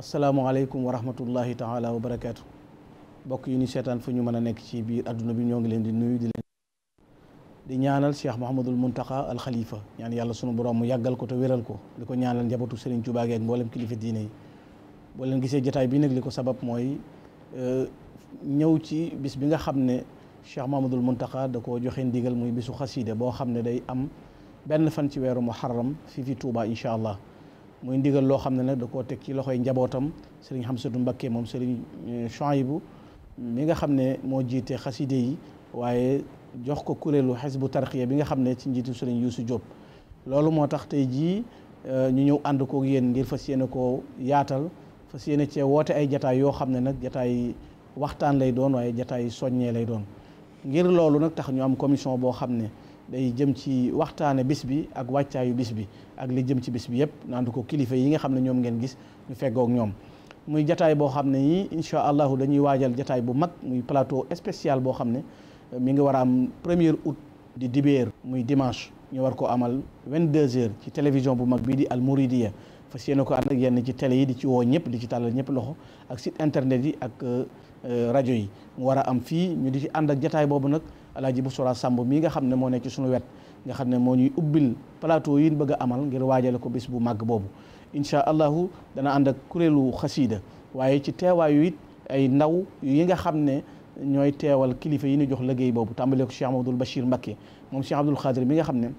asalaamualeykum wa rahmatullahi taala wa barakaatu mbokk yi ñu seetaan fu ñu mën a nekk ci biir adduna bi ñoo ngi leen di nuyu di leen di ñaanal cheikh Mouhamadul Mountakha al Khalifa ñaan yàlla sunu borom mu yàggal ko te wéral ko li ko ñaanal njabootu Serigne Touba ak mboolem kilifa diine yi boo leen gisee jataay bi nag li ko sabab mooy e, ñëw ci bis bi nga xam ne cheikh Mouhamadul Mountakha da koo joxe ndigal muy bisu xasiide boo xam ne day am benn fan ci weeru muharram fii fi Touba incha allah. muy ndigal loo xam ne nag da koo teg ci loxoy njabootam sëriñ Hamsatu Mbakke moom sëriñ euh, bu mi nga xam ne moo jiite xaside yi waaye jox ko kuréelu xisbu tarxiya bi nga xam ne ci njiitu sëriñ Youssou Diop loolu moo tax tey jii euh, ñu ñëw ànd koog yéen ngir fas yéene koo yaatal fas yéene cee woote ay jataay yoo xam ne nag jataay waxtaan lay doon waaye jataay soññee lay doon ngir loolu nag tax ñu am commission boo xam ne day jëm ci waxtaane bis bi ak wàccaayu bis bi ak li jëm ci bis bi yëpp naandu ko kilifa yi nga xam ne ñoom ngeen gis ñu feggoog ñoom muy jataay boo xam ne nii incha allahu dañuy waajal jataay bu mag muy plateau spécial boo xam ne euh, mi ngi war a am premier août di dibeer muy dimanche ñu war ko amal 22 heures ci télévision bu mag bii di Al Mouridiyyah fas yéene ko am ak yenn ci tele yi di ci woo ñëpp di ci tàllal ñëpp loxo ak site internet yi ak euh, Euh, rajo yi mu war a am fii ñu di ci ànd ak jataay boobu nag alaaji Busra Samb mii nga xam ne moo nekk ci suñu wet nga xam ne moo ñuy ubbil plateau yi ñu bëgg amal ngir waajale ko bis bu màgg boobu incha allahu dana ànd ak kuréelu xasiida waaye ci teewaayu it ay ndaw yi nga xam ne ñooy teewal kilifa yi nu jox liggéey boobu tàmbale ko Cheikh Abdoul Bachir Mbacké moom Cheikh Abdoul Khadir mi nga xam ne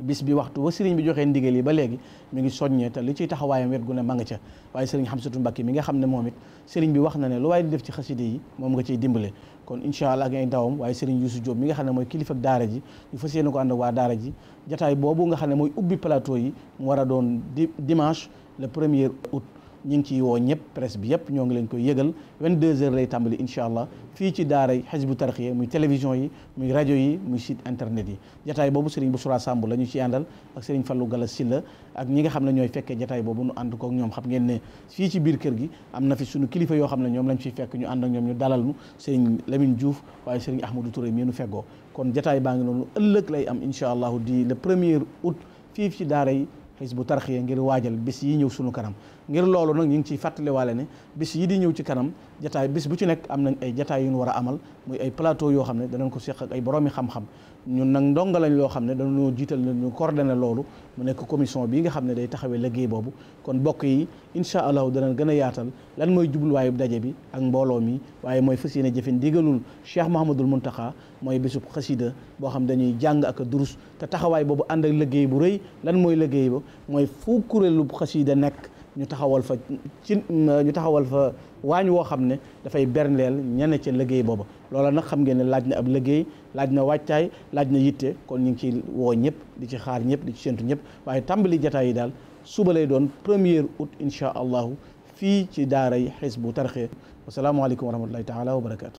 bis bi waxtu ba sëriñ bi joxee ndigal yi ba léegi mi ngi soññee te li ciy taxawaayam wet gu ne ma nga ca waaye sëriñ Xamsatu Mbàkke mi nga xam ne moom it sëriñ bi wax na ne lu waaye di def ci xaside yi moom nga ciy dimbale kon incha allah ak ay dawam sëriñ Yuusu Jóob mi nga xam ne mooy kilifa daara ji ñu fas yéene ko ànd ak waa daara ji jataay boobu nga xam ne mooy ubbi plateau yi mu war a doon dimanche le premier août ñu ngi ciy woo ñëpp presse bi yëpp ñoo ngi leen koy yëgal 22h lay tàmbali incha allah fii ci daara yi xisbu tarxiya muy télévision yi muy rajo yi muy site internet yi jataay boobu Serigne Boussra Samb la ñu ci àndal ak Serigne Fallou Gala Silla ak ñi nga xam ne ñooy fekkee jataay boobu nu ànd kook ñoom xam ngeen ne fii ci biir kër gi am na fi sunu kilifa yoo xam ne ñoom lañ fiy fekk ñu ànd ak ñoom ñu dalal mu Serigne Lamine Diouf waaye Serigne Ahmadou Touré mii nu feggoo kon jataay baa ngi noonu ëllëg lay am incha allahu di le premier août fii ci daara yi xisbu tarxiya ngir waajal bis yi ñëw sunu kanam ngir loolu nag ñu ngi ciy fàttaliwaale ne bis yi di ñëw ci kanam jataay bis bu ci nekk am nañ ay jataay yu ñu war a amal muy ay palato yoo xam ne danañ ko seq ak ay boroomi xam-xam ñun nag ndongo lañ loo xam ne dañoo jiital ne ñu na loolu mu nekk commission bii nga xam ne day taxawee liggéey boobu kon bokk yi incha allahu danañ gën a yaatal lan mooy jubluwaayu daje bi ak mbooloo mi waaye mooy fas yéene jëfe ndigalul Cheikh Mahamadul Muntaxa mooy bésub xasida boo xam dañuy jàng ak durus te taxawaay boobu ànd ak liggéey bu rëy lan mooy liggéey ba mooy fu kuréelu xasida nekk ñu taxawal fa ci ñu taxawal fa waañ woo xam ne dafay bernleel ñene ca liggéey booba loola nag xam ngeen ne laaj na ab liggéey laaj na wàccaay laaj na yitte kon ñu ngi ci woo ñëpp di ci xaar ñëpp di ci séntu ñëpp waaye tàmbali jataay yi daal suba lay doon premier août insha allahu fii ci daaray Hizbut Tarqiyyah wasalaamualeykum wa rahmatullahi taala wa barakaatu